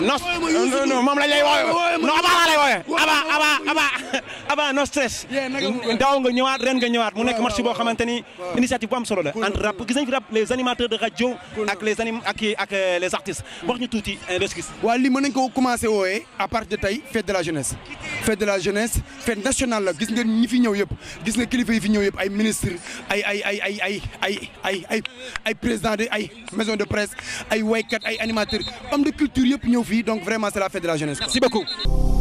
nos non non moom lañ lay wooyee non abaa laa lay wooyee abaa avant no stress. daaw nga ñëwaat ren nga ñëwaat mu nekk match boo xamante ni initiative bu am solo la. entre rap gis nañ fi rap les animateurs de radio. ak les anim ak ak euh, les artistes. wax ñu tuuti resquis. Euh, waaw lii ko commencé wooyee à partir de tey fête de la jeunesse. fête de la gis ngeen ñi fi ñëw yëpp gis nga kilifa yi fi ñëw yëpp ay ministre ay ay ay ay ay ay ay ay ay président de ay maison de presse ay waykat ay animateur homme de culture yëpp ñëw fi donc vraiment c'est la fête